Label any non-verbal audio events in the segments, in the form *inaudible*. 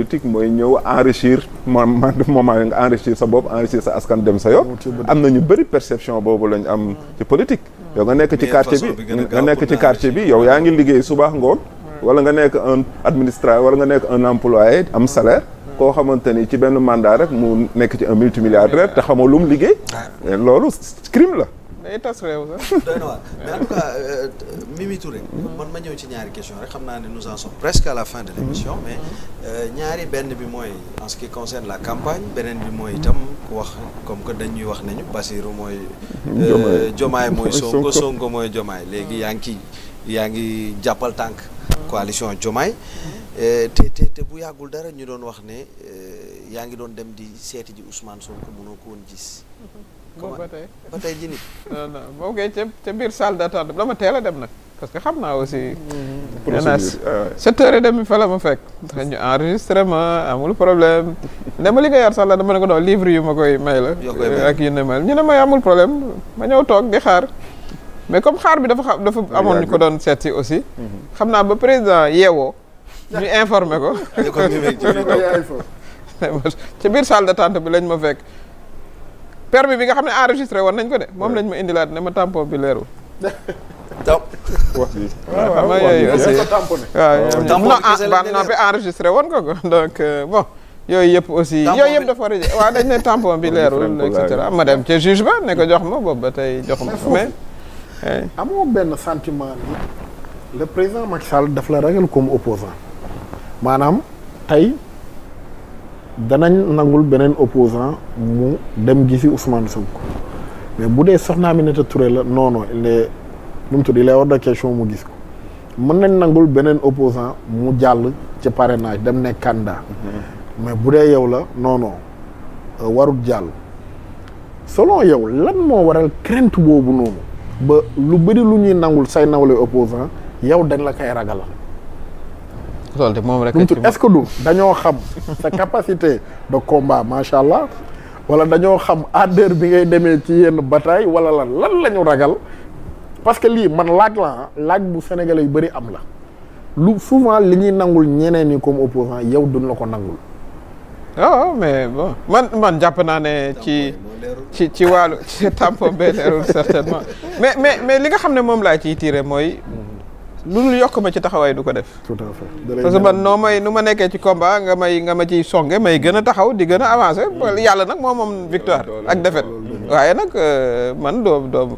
politique mooy ñëw enrichir moment moment nga enrichir sa bopp enrichir sa askan dem sa yoon. am na ñu bëri perception boobu lañ am mm. ci politique. yow nga nekk ci quartier bi nga nekk ci quartier bi yow yaa ngi liggéey suba ngoon. Mm. wala nga nekk un administrateur wala nga nekk un employé am mm. salaire. koo xamante ni ci benn mandat rek mu nekk ci un multimilliardaire te xamoo lu mu liggéey. loolu crime la. day tas réew sax. doy na waar mais en tout cas euh, man ma ñëw ci ñaari question rek xam naa ne nous en sommes presque à la fin de l' mais euh, ñaari benn bi mooy en ce qui concerne la campagne beneen bi mooy itam wax comme que dañuy wax nañu Basirou mooy. Jomaay euh, mooy Sonko Sonko mooy Jomaay léegi yaa ngi ciy yaa ngi jàppal tànk. coalition Jomaay. te te te bu yàggul dara ñu doon wax ne yaa ngi doon dem di seeti ji Ousmane Sonko mënoo ko woon gis. ba tey ba tey ji boo koy ca ca biir salle d'attente dama teel a dem nag parce que xam naa aussi. Mm-hmm. Mm-hmm. procédure ah sept heures et demie fa la ma fekk. xëy na enregistré amul problème. ne ma li nga yor sax la dama ne ko doon livre yu ma koy may la. ak yu ne mel ñu ne may amul problème ma ñëw toog di xaar. mais comme xaar bi dafa xam dafa amoon ñu ko doon seet si aussi. Mm-hmm. xam naa ba président yeewoo. ñu informé ko. *laughs* *laughs* ca biir salle d'attente bi lañ ma fekk. permis bi nga xam ne enregistré woon nañ ko de moom lañ ma indilaat ne ma tampon bi leerul. donc. wax bi ah, waaw waaw waaw bi enregistré woon ko ko donc euh, bon. yooyu yëpp aussi yooyu yëpp dafa war a waaw dañ ne tampon bi leerul et cetera ma dem ca juge ba ne ko jox ma boobu ba tey jox ma mais. amoo benn sentiment ni le président Macky Sall daf la ragal comme opposant maanaam tey. danañ nangul beneen opposant mu dem gisi Ousmane Sonko mais bu dee soxna Aminata Touré la non non il est nu mu tudd il question mu gis ko mën nañ nangul beneen opposant mu jàll ci parrainage dem nekk candidat mm-hmm. mais bu dee yow la noonoo non euh, warut jàll selon yow lan moo waral crainte boobu noonu ba lu bëri lu ñuy nangul say nawle opposant yow dañ la koy ragal loolu de moom rek est-ce que dañoo xam sa capacité de combat macha allah wala dañoo xam ardeur bi ngay demee ci yenn bataille wala lan lan la ñu ragal parce que lii man laaj la laaj bu sénégalais yu bëri am la lu souvent li ñuy nangul ñeneen ñi comme opposant yow duñ la ko nangul. waaw ah, ah, mais bon man man jàpp naa ne ci ci ci wàllu tampon certainement mais mais mais li nga xam ne moom laa ci tiré mooy. lu dul yokk ma ci taxawaay du ko def. tout parce que man noo may nu ma nekkee ci combat nga may nga ma ci songe may gën a taxaw di gën a avancé. yàlla nag moo moom victoire ak défaite. waaye nag euh, man doo doo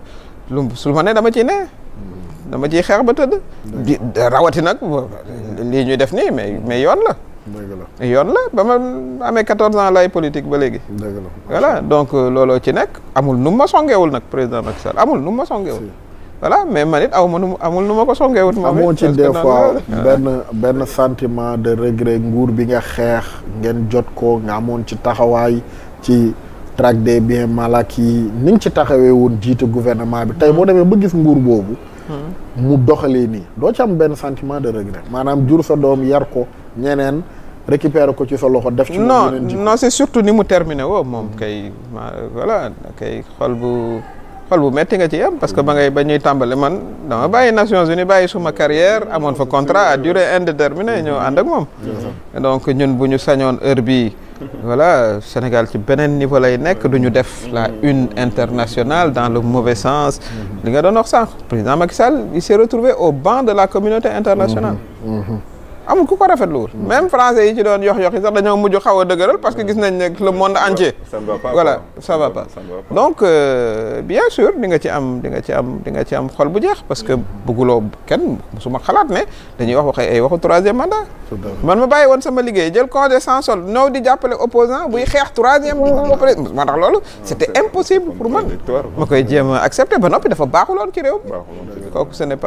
lu su ma ne dama ci ne. dama ciy xeex ba tëdd. di rawati nag lii ñuy def nii mais mais yoon la. yoon la ba ma amee 14 ans lay politique ba léegi. voilà donc euh, looloo ci nekk amul nu ma songewul nag président Macky amul nu ma songewul. voilà mais man it aw ma nu mu amul nu ma ko songeewut moom amoo ci des fois benn benn sentiment de regret nguur bi nga xeex ngeen jot ko nga amoon ci taxawaay ci traque des bien mal acquis ni ci taxawee woon jiite gouvernement bi tey boo demee ba gis nguur boobu hmm. mu doxalee nii doo ci am benn sentiment de regret maanaam jur sa doom yar ko ñeneen récupérer ko ci sa loxo def ci non non c'est surtout ni mu terminé woo moom kay voilà kay xol bu xol bu metti nga ci yam parce que ba ngay ba ñuy tàmbali man dama bàyyi Nations Unies bàyyi suma carrière amoon fa contrat à durée indéterminée ñoo ànd ak moom donc ñun bu ñu sañoon heure bi voilà Sénégal ci beneen niveau lay nekk du ñu def la une internationale dans le mauvais sens li nga doon wax sànq président Macky Sall il s'est retrouvé au banc de la communauté internationale mm-hmm. Mm-hmm. amul ku ko rafetluwul mm. même français yi ci doon yox yox yi sax dañoo mujj xaw a dëgëral parce que gis nañ ne le monde entier voilà ça donc euh, bien sûr di nga ci am di nga ci am di nga ci am xol bu jeex parce que bëgguloo kenn musuma xalaat ne dañuy wax waxee ay waxu troisième mandat man ma bàyyi woon sama liggéey jël congé sans solde ñëw di jàppale opposant buy xeex troisième président moo tax loolu ah, c'était impossible pour man ma koy jéem a ba noppi dafa baaxuloon ci réew mi kooku ce n'est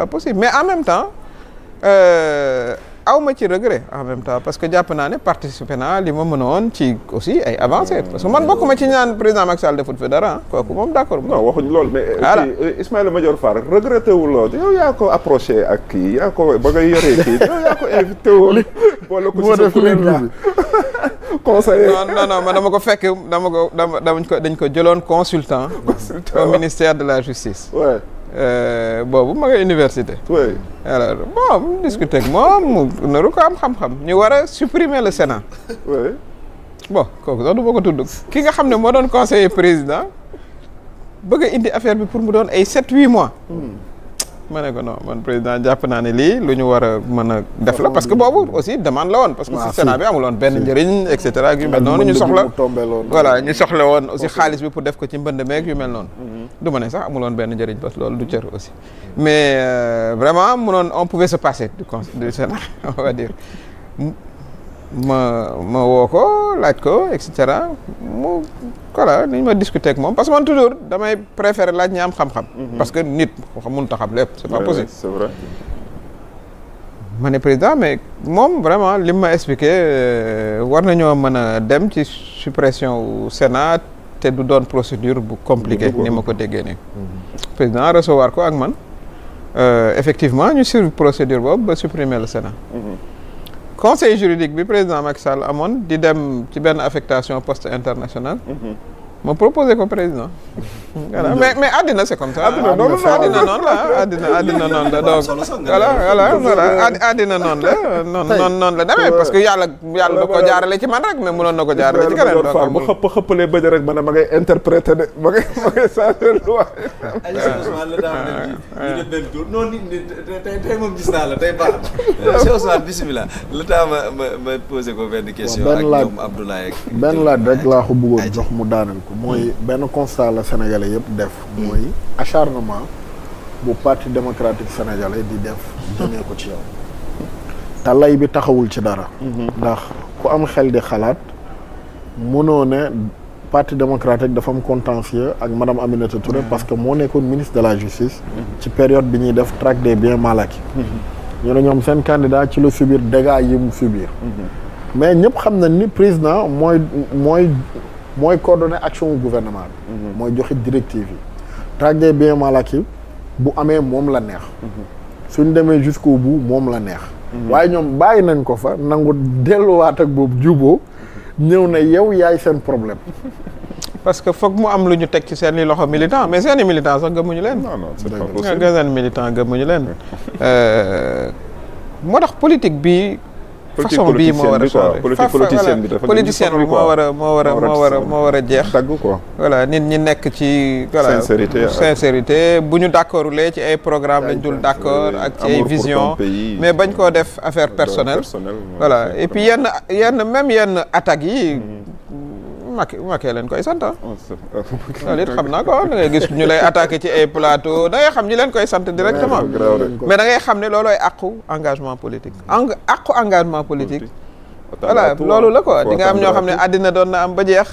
aw ma ci regret en même temps parce que jàpp naa ne participer naa li ma mënoon ci aussi ay avancé mm. parce que man bokkuma ci ñaan président Macky Sall defut fi dara kooku moom d' accord. non waxuñ loolu mais. Euh, voilà euh, Ismaïla Madior Fall regretté yow yaa ko ak kii yaa ko ba nga yoree kii yow yaa ko invité woon. *laughs* boole ko ci sa kuréel bi *laughs* conseiller ko fekk dama ko dama dañ ko jëloon consultant. consultant ministère de la justice. Euh, boobu ma nga université. oui alors bon mu discuter ak moom mu naru ko am xam-xam ñu war a supprimer le Sénat. oui. bon kooku sax du ma ko tudd. ki nga xam ne moo doon conseiller président bëgg a indi affaire bi pour mu doon ay sept huit mois. Hmm. ma ne ko man président jàpp naa ne lii lu ñu war a mën a def la parce que boobu aussi demand la woon parce que si Sénat bi amuloon benn njëriñ et cetera yu mel noonu ñu soxla voilà ñu soxla woon aussi xaalis bi pour def ko ci mbënd meeg yu mel noonu mhm. du ma ne sax amul benn njëriñ parce que loolu du cër aussi mais euh, vraiment munoon on pouvait se passer du Sénat *laughs* on ma ma woo ko laaj ko et cetera mu voilà ni ma discuter ak moom parce que man toujours damay préférer laaj ñi am xam-xam. Mhm. parce que nit mun a xam lépp. c'est pas possible président mais moom vraiment lim ma expliqué euh, war nañoo mën a dem ci suppression wu Sénat te du doon procédure bu compliquée ni ma ko déggee nii. Mhm. président recevoir ko ak man euh, effectivement ñu suivre procédure boobu ba supprimer le Sénat. Mhm. conseil juridique bi président Macky Sall amoon di dem ci benn affectation poste internationale. Mhm. ma proposé ko président. mais mais àddina c'est comme ça. àddina noonu la àddina noonu la àddina àddina donc. voilà voilà voilà àddina noonu la. tey noonu noonu la demee que yàlla yàlla da ko jaarale ci man rek mais mënoon ko jaarale ci keneen. donc bu xëpp xëppalee bëj rek ma ne ma ngay interpréter de ma ngay ma ngay changé loi. non nit ñi tey tey moom gis naa *laughs* euh, ma ko benn question. ak ñoom Abdoulaye benn laaj rek laa ko bëggoon jox mu daaneel ko. mooy benn constat la Sénégalais sénégalais yëpp def mooy acharnement bu parti démocratique sénégalais di def jëmee ko ci yow te lay bi taxawul ci dara mhm. ndax ku am xel di xalaat mënoo ne parti démocratique dafa am contentieux ak madame Aminata Touré mhm. parce que moo nekkoon ministre de la justice mhm. ci période bi ñuy def traque des biens mal acquis ñu ne ñoom seen candidat ci la subir dégâts yi mu subir mais ñëpp xam na ni président mooy mooy mooy coordonner action gouvernement bi. Mhm. mooy joxe directive yi. traque des biens mal bu amee moom la neex. Mhm. suñ demee jusqu'au bout moom la neex. Mhm. waaye ñoom bàyyi nañ ko fa nangu delluwaat ak boobu juboo ñëw na yow yaay seen problème. *laughs* parce que foog mu am lu ñu teg ci seen i loxo militant mais seen i militant sax gëmmuñu leen. non non c'est pas possible seen militant gëmmuñu leen. *laughs* Euh, moo tax politique bi. façon bii moo war politicienne bi moo war a moo war a moo war a moo jeex nit ñi nekk ci voilà sincérité bu ñu d'accord lee ci ay programme lañ dul d'accord ak ci ay vision mais bañ koo def affaire personnelle voilà et yenn yenn même yenn attaques yi mm. Macky Macky leen koy sant ah. *laughs* xam naa ko da gis ñu lay attaqué ci ay plateau da ngay xam ñi leen koy sant directement. mais da ngay xam ne loolooy àqu engagement politique. eng mm-hmm. àqu engagement politique. voilà loolu la quoi di nga am ñoo xam ne àddina doon na am ba jeex.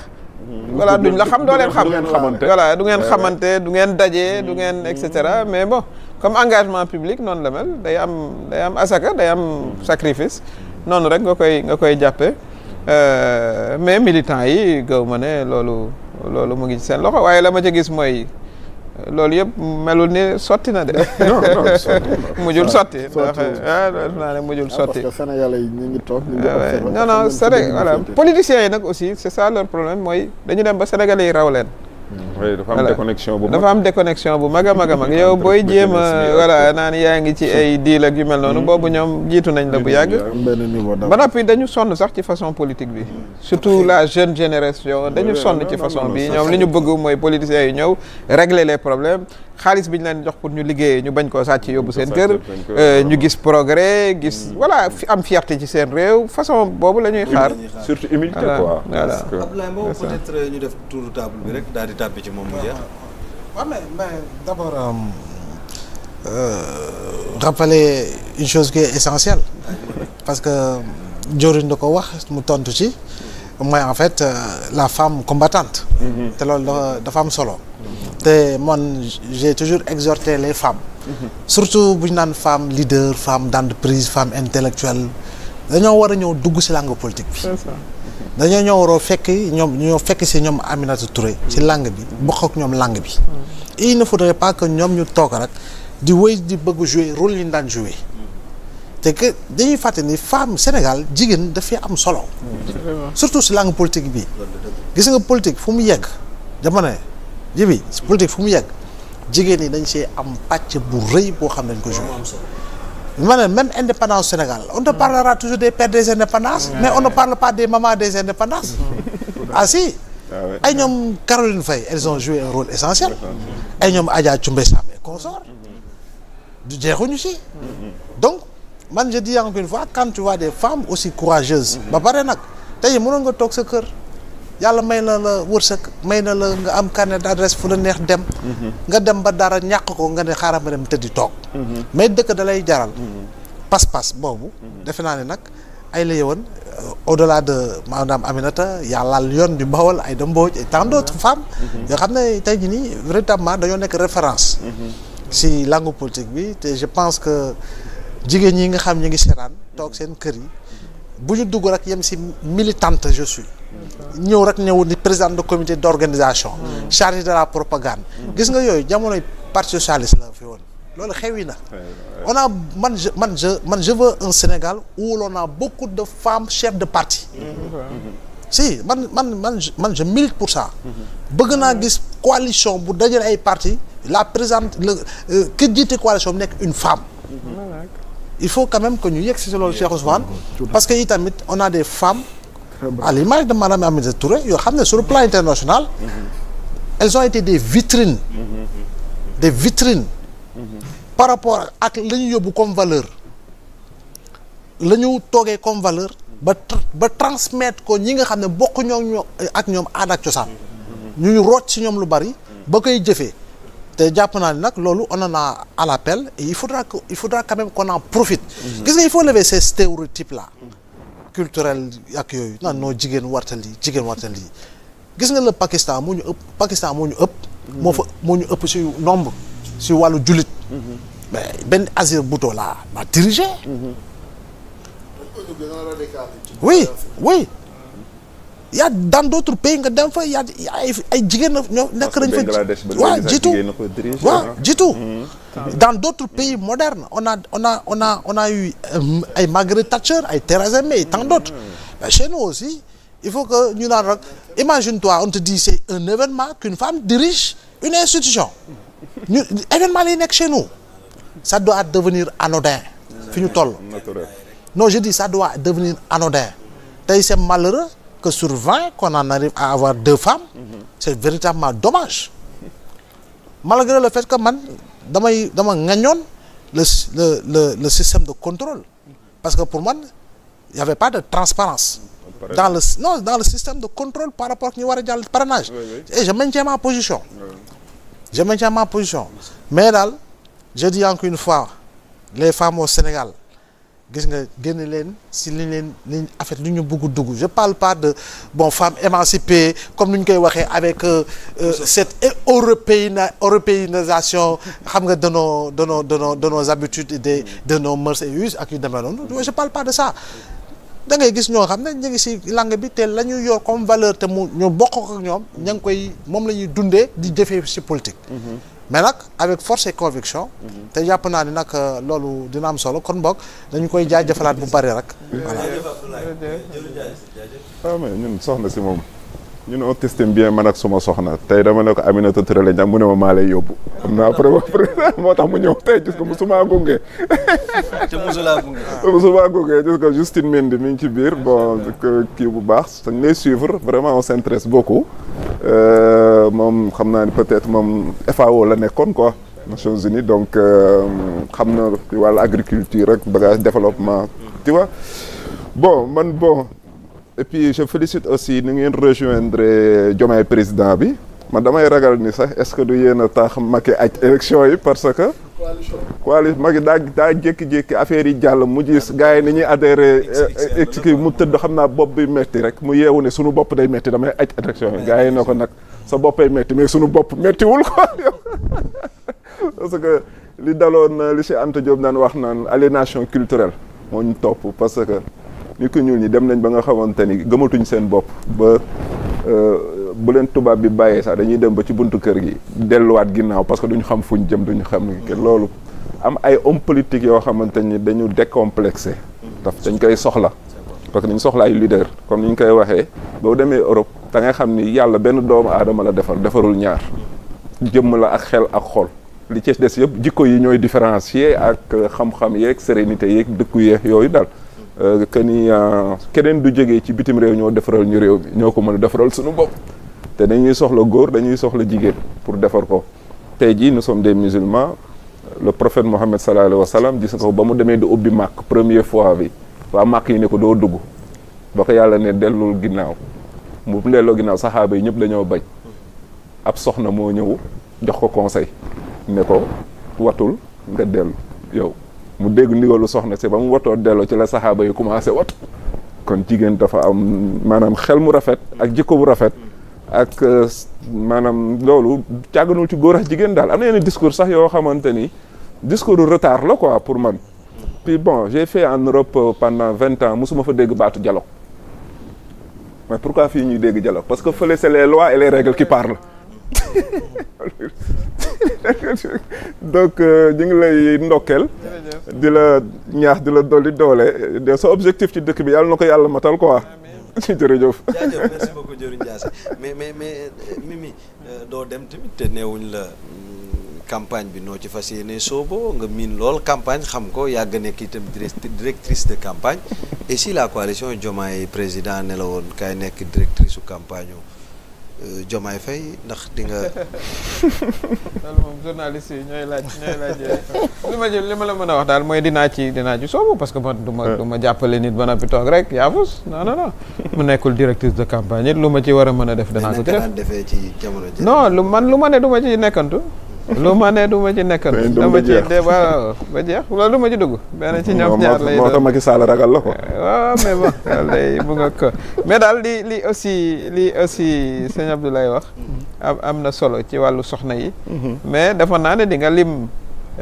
wala mm-hmm. duñ la xam doo leen xam voilà du ngeen xamante du ngeen daje du mm-hmm. ngeen et cetera mais bon comme engagement public noonu la mel day am am asaka day am sacrifice noonu rek nga koy nga koy jàppee. Euh, mais militants yi gaw ma ne loolu loolu mu ngi ci seen loxo waaye la ma ci gis mooy loolu yëpp melul ni sotti na de. *laughs* non non sotti mujjul sotti. sotti ah def ah, yi ñu toog ñu ngi. Ah, non non c'est vrai voilà yi nag aussi c'est ça leur problème mooy dañu dem ba sénégal yi raw leen. dafa am déconnexion bu dafa am déconnexion bu mag a mag a mag yow booy jéem a voilà naan yaa ngi ci ay deal ak yu mel noonu hmm. boobu ñoom jiitu nañ la bu yàgg ba noppi dañu sonn sax ci façon politique bi surtout la jeune génération dañu sonn ci façon bi ñoom li ñu bëgg mooy politiciens yi ñëw régler les problème xaalis bi ñu leen jox pour ñu liggéeyee ñu bañ koo sàcc yóbbu seen kër ñu euh, gis progrès gis mm. voilà am fierté ci seen réew façon boobu la ñuy xaar surtout humilité quoi voilà euh, def tour de table rek daal di tàbbi ci moom mu jeex waaw mais mais euh, une chose qui essentielle parce que joriñ da ko wax mu tontu ci mooy en fait la femme combattante mm-hmm. te loolu dafa am solo te man j'ai toujours exhorté les femmes. Mhm. surtout bu ñu naan femme leader femme d'entreprise femme intellectuelle dañoo war a ñëw dugg ci langue politique bi. dañoo ñoo waroo fekk ñoom ñoo fekk ci ñoom Aminata Touré. ci langue bi bokk ak ñoom langue bi. Mhm. il ne faudrait pas que ñoom ñu toog rek di wéy di bëgg jouer rôle yi ñu daan jouer. te que dañuy fàtte ni femme Sénégal jigéen dafay am solo. Mhm. surtout ci langue politique bi. gis nga politique fu mu yegg dama jibi politique fu mu yàgg jigéen ñi dañ see am pàcc bu rëy boo xam ne dañ ko joué ma ne même indépendance Sénégal on te mm. parlera toujours des pères des indépendances mais on ne parle pas des mamans des indépendances mm. ah si ah ay ñoom Caroline Faye elles ont joué un rôle essentiel ay ñoom Adja Cumbe Sam et consort mm-hmm. du jeexuñu si mm-hmm. donc man je dis encore une fois quand tu des femmes aussi courageuses mm-hmm. ba pare nag tey mënoon nga toog sa kër yàlla may na la wërsëg may na la nga am carnet d'adresse fu la neex dem mm-hmm. nga dem ba dara ñàkk ko nga ne xaaral ma dem tëddi toog mm-hmm. mais dëkk da lay jaral mm-hmm. pas-pas boobu defe naa ne nag ay la yewoon euh, au delà de maanaam Aminata yàllaal yoon bi Bawol ay Aïda Mbodj et tant d'autres yoo xam ne tey jii nii véritablement dañoo nekk référence si langue politique bi te je pense que jigéen ñi nga xam ñu ngi seeraan toog seen kër yi bu ñu dugg rek yem si militante je suis ñëw rek ñëw ni président de comité d' organisation. Hmm. chargé de la propagande. Hmm. gis nga yooyu jamonoy parti socialiste la fi woon loolu xewi na. on a man je man je man je veux un Sénégal où l'on a beaucoup de femmes chefs de parti. Hmm, si man man man man je milite pour ça. bëgg naa gis coalition bu dajale ay parti la présente le euh, ki jiite coalition bi nekk une femme. il faut quand même que ñu yegg si loolu Cheikh Ousmane. parce que itamit on a des femmes. à l'image de madame Aminata Touré yoo xam ne sur plan international elles ont des vitrines mm-hmm. Mm-hmm. des vitrines mm-hmm. par rapport ak lañu ñu yóbbu comme valeur la ñu toogee comme valeur ba ba transmettre ko ñi nga xam ne bokk ñoom ak ñoom aada ak cosaan ñuy root ci ñoom lu bari ba koy jëfee te jàpp naa ni nag loolu on en à l'appel il faudra que il faudra quand gis nga il faut lever ces stéréotypes là culturel ak yooyu naan noo jigéen warta lii jigéen warta lii gis nga la Pakistan moo ñu ëpp Pakistan moo ñu ëpp. moo fa moo ñu ëpp si nombre si wàllu jullit. Mm-hmm. mais benn Azir Bhutto laa ma dirigé. Mm-hmm. oui oui. yaa dans d' autres pays nga dem fa yaa ay jigéen na ñoo nekk nañ fa. waaw jiitu waaw jiitu. Mm-hmm. dans d'autres pays modernes on a on eu euh, ay Margaret Thatcher ay Theresa May et tant d'autres hmm. mais aussi il faut que ñu naan rek imagine-toi on te dit c'est un événement qu'une femme dirige une institution ñu événement lay nekk chez nous doit devenir anodin fi ñu toll hmm, non je dis ça doit devenir anodin tey c'est malheureux que sur vingt qu'on en arrive à avoir deux femmes hmm. c'est véritablement dommage malgré le fait que man damay dama ŋaññoon le le le le système de contrôle parce que pour man y avait pas de transparence dans le non dans le système de contrôle par rapport ak ñu war a jàll parrainage et je maintiens ma position je maintiens ma position mais daal je dis encore une fois les femmes au Sénégal gis nga génn leen si li leen li en fait lu ñu bëgg dugg je parle pas de bon femme émancipée comme ni ñu koy waxee avec euh, euh cette européena européanisation xam nga de nos de de nos de habitudes de de nos mœurs et ak yu demee noonu je parle pas de ça da ngay gis ñoo xam ne ñu ngi si langue bi te la ñu yor comme valeur te mu ñu bokk ak ñoom ña ngi koy moom la ñuy dundee di defee si politique mm-hmm. mais nag avec force et conviction. te jàpp naa ni nag euh, loolu dina am solo kon boog dañu koy jaajëfalaat bu bari rek. voilà jërëjëf ah, ñun soxna si moom. ñu ne on t'estime bien man ak suma soxna tey ma ne ko Aminata Touré la ñu am mu ne ma maa lay yóbbu. am *laughs* moo tax mu ñëw tey gis nga musuma gunge. *laughs* te musuma gunge. *laughs* musuma gunge gis nga ngi ci biir bon kii bu baax dañ lay suivre vraiment on s'intéresse beaucoup. Euh, moom xam naa ni peut-être moom FAO la nekkoon quoi. Nations Unies donc euh, xam na wàllu agriculture ak bagage développement. tu vois bon man bon. et puis je félicite aussi ni ngeen rejoindre Diomaye président bi ma damay ragal ni sax est-ce que du yéen a tax Macky aj élection yi parce que coalition Macky daa daa jékki-jékki affaire yi jàll mu gis gars yi ni ñuy adhéré mu tëdd xam naa bopp bi metti rek mu yeewu ne suñu bopp day metti damay aj élection yi gars yi na ko nag sa boppay metti mais suñu bopp mettiwul quoi *laughs* parce que li daloon li si Anta Diop daan wax naan aliénation culturelle moo ñu topp parce que nit ku ñuul ñi dem nañ ba nga xamante ni gëmatuñ seen bopp ba euh, bu leen tubaab bi bàyyee sax dañuy dem ba ci buntu kër gi delluwaat ginnaaw parce que duñu xam fuñ jëm duñu xam ke loolu am ay hommes politiques yoo xamante ni dañu décomplexé daf dañ koy soxla parce que dañ soxla ay leader comme ni ñu koy waxee boo demee Europe da ngay xam ni yàlla benn doomu aadama la defar defarul ñaar jëmm la ak xel ak xol li ci des yëpp jikko yi ñooy différencier ak xam yeeg sérénité yeeg dëkku yeeg yooyu daal Euh, que ni euh, keneen du jógee ci bitim réew ñoo defaral ñu réew mi ñoo ko mën a defaral suñu bopp te dañuy soxla góor dañuy soxla jigéen pour defar ko tey jii nous some des musulmans le prophète Mohammed sallallahu alayhi wa sallam gis nga ko ba mu demee du ubbi màkk première fois bi waa màkk yi ne ko doo dugg ba ko yàlla ne dellul ginnaaw mu delloo ginnaaw saxaaba yi ñëpp dañoo bañ ab soxna moo ñëw jox ko conseil ne ko watul nga dellu yow mu dégg ndigalu soxna si ba mu wotoo delloo ci la saxaaba yi commencé wat kon jigéen dafa am maanaam xel mu rafet ak jikko bu rafet ak euh, maanaam loolu càgganul ci góor ak jigéen daal am na yenn discours sax yoo xamante ni discours retard la quoi pour man puis bon j'ai fait en Europe euh, pendant vingt ans mosuma fa dégg baatu dialogue mais pour pourquoi fii ñuy dégg dialogue parce que fële c'est les lois et les règles qui la *laughs* *laughs* donc euh, ñu ngi lay ndokkeel. di la ñaax di la dolli doole de sa objectif ci dëkk bi yàlla na ko yàlla matal quoi. *laughs* jërëjëf jaajëf merci *laughs* beaucoup Diori Ndiassé mais mais mais euh, Mimi euh, doo dem tamit te neewuñ la mm, campagne bi noo ci fas yéene soobo nga miin lool campagne xam ko yàgg nekk itam directrice de campagne et si la coalition Diomaye président ne la woon kay nekk directrice su campagne Euh, Diomaye Faye ndax di nga. *laughs* loolu moom journaliste yi ñooy laaj ñooy laaj li ma li ma la mën a wax daal mooy dinaa ci dinaa ci soobu parce que man du ma euh. ma jàppale nit ba noppi toog rek yaafus non non non. mu nekkul directrice de campagne lu ma ci war a mën a def. danaa ko def defee ci jamono non lu man lu ma ne du ci nekkantu. lu ma ne du ma ci nekk nag. dama ci de ba ba jeex loolu ma ci dugg. benn ci ñoom ñaar lay doon ma tax Macky ragal la ko. Eh, waaw mais bon loolu day mu nga ko mais daal li li aussi li aussi sëñ Abdoulaye wax. am am na solo ci wàllu soxna yi. Mhm. mais dafa naa ne di nga lim.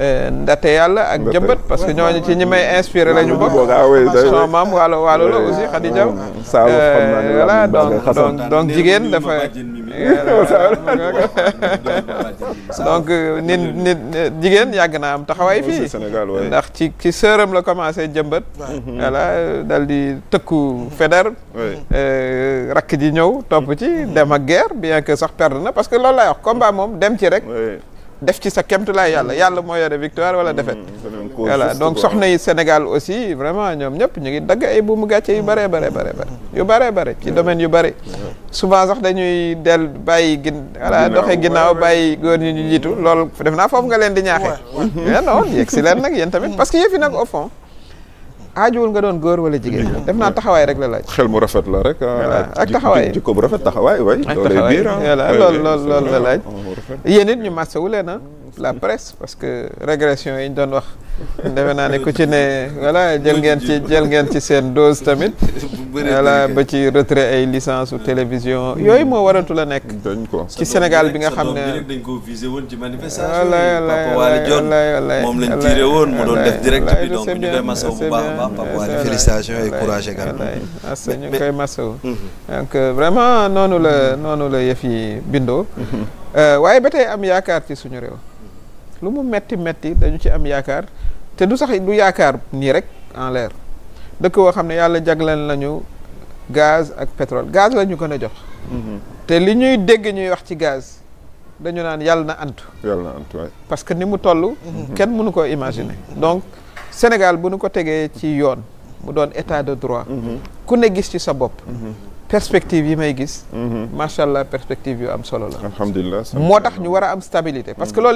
Eh, ndate yàlla ak jëmbat parce que ñooñu ci ñi may inspiré la ñu bokk ah, son maam waalo waalo la aussi Khady Diaw eh, voilà donc donc jigéen dafa *laughs* *laughs* *laughs* donc nit euh, nit jigéen yàgg naa am taxawaay fii ndax ci ci sëram la commencé jëmbat mhm. voilà dal di tëkku feder euh, rakk ji ñëw topp ci mhm. dem ak guerre bien que sax perdre na parce que loolu lay wax combat moom dem ci rek def ci sa kemtulaay yàlla mm. yàlla moo yore victoire wala mm, défaite voilà donc soxna yi Sénégal aussi vraiment ñoom ñëpp ñu ngi dagg ay buumu gàcce yu bëree bare bare bare yu bëree bare ci mm. domaine yu bëri souvent sax dañuy del bàyyi gin voilà doxe ginnaaw bàyyi góor ñi ñu jiitu loolu def naa foofu nga leen di ñaaxee eh non yegg si leen nag yéen tamit parce que yëfi nag au fond aajuwul nga doon góor wala jigéen def naa taxawaay rek la laaj xel mu rafet la rek ah, ak taxawaay jikko bu rafet taxawaay way loolay biir ah. voilà lool lool loolu la laaj yéen it ñu masawu leen ah, la presse parce que régression yi ñu doon wax defe naa ne ku ci ne voilà jël ngeen ci jël ngeen ci seen dose tamit. *laughs* voilà ba ci retrait ay licence ou télévision yooyu moo waratu la nekk. dañ ko ci Sénégal bi nga xam ne. dañ ko visé woon ci manifestation. wallaay wallaay wallaay wallaay moom lañ tiré woon mu doon def a baax Papa Wali félicitations et koy masawu. Mhm. donc euh, vraiment noonu la noonu la yëf yi bindoo. Mhm. Euh, waaye ba tey am yaakaar ci suñu réew. lu mu metti metti dañu ci am yaakaar. te du sax du yaakaar nii rek en l'air dëkk boo xam ne yàlla jagleen lañu gaz ak pétrole gaz la ñu gën a jox. Mhm. te li ñuy dégg ñuy wax ci gaz dañu naan yàlla na ant yàlla na antu waay parce que ni mu toll. Mhm. kenn mënu ko imaginer. Mhm. donc Sénégal bu nu ko tegee ci yoon mu doon état de droit. ku ne gis ci sa bopp. perspective yi may gis. macha allah perspective yu am solo la. alhamdulilah moo tax ñu war a am stabilité parce que loolu.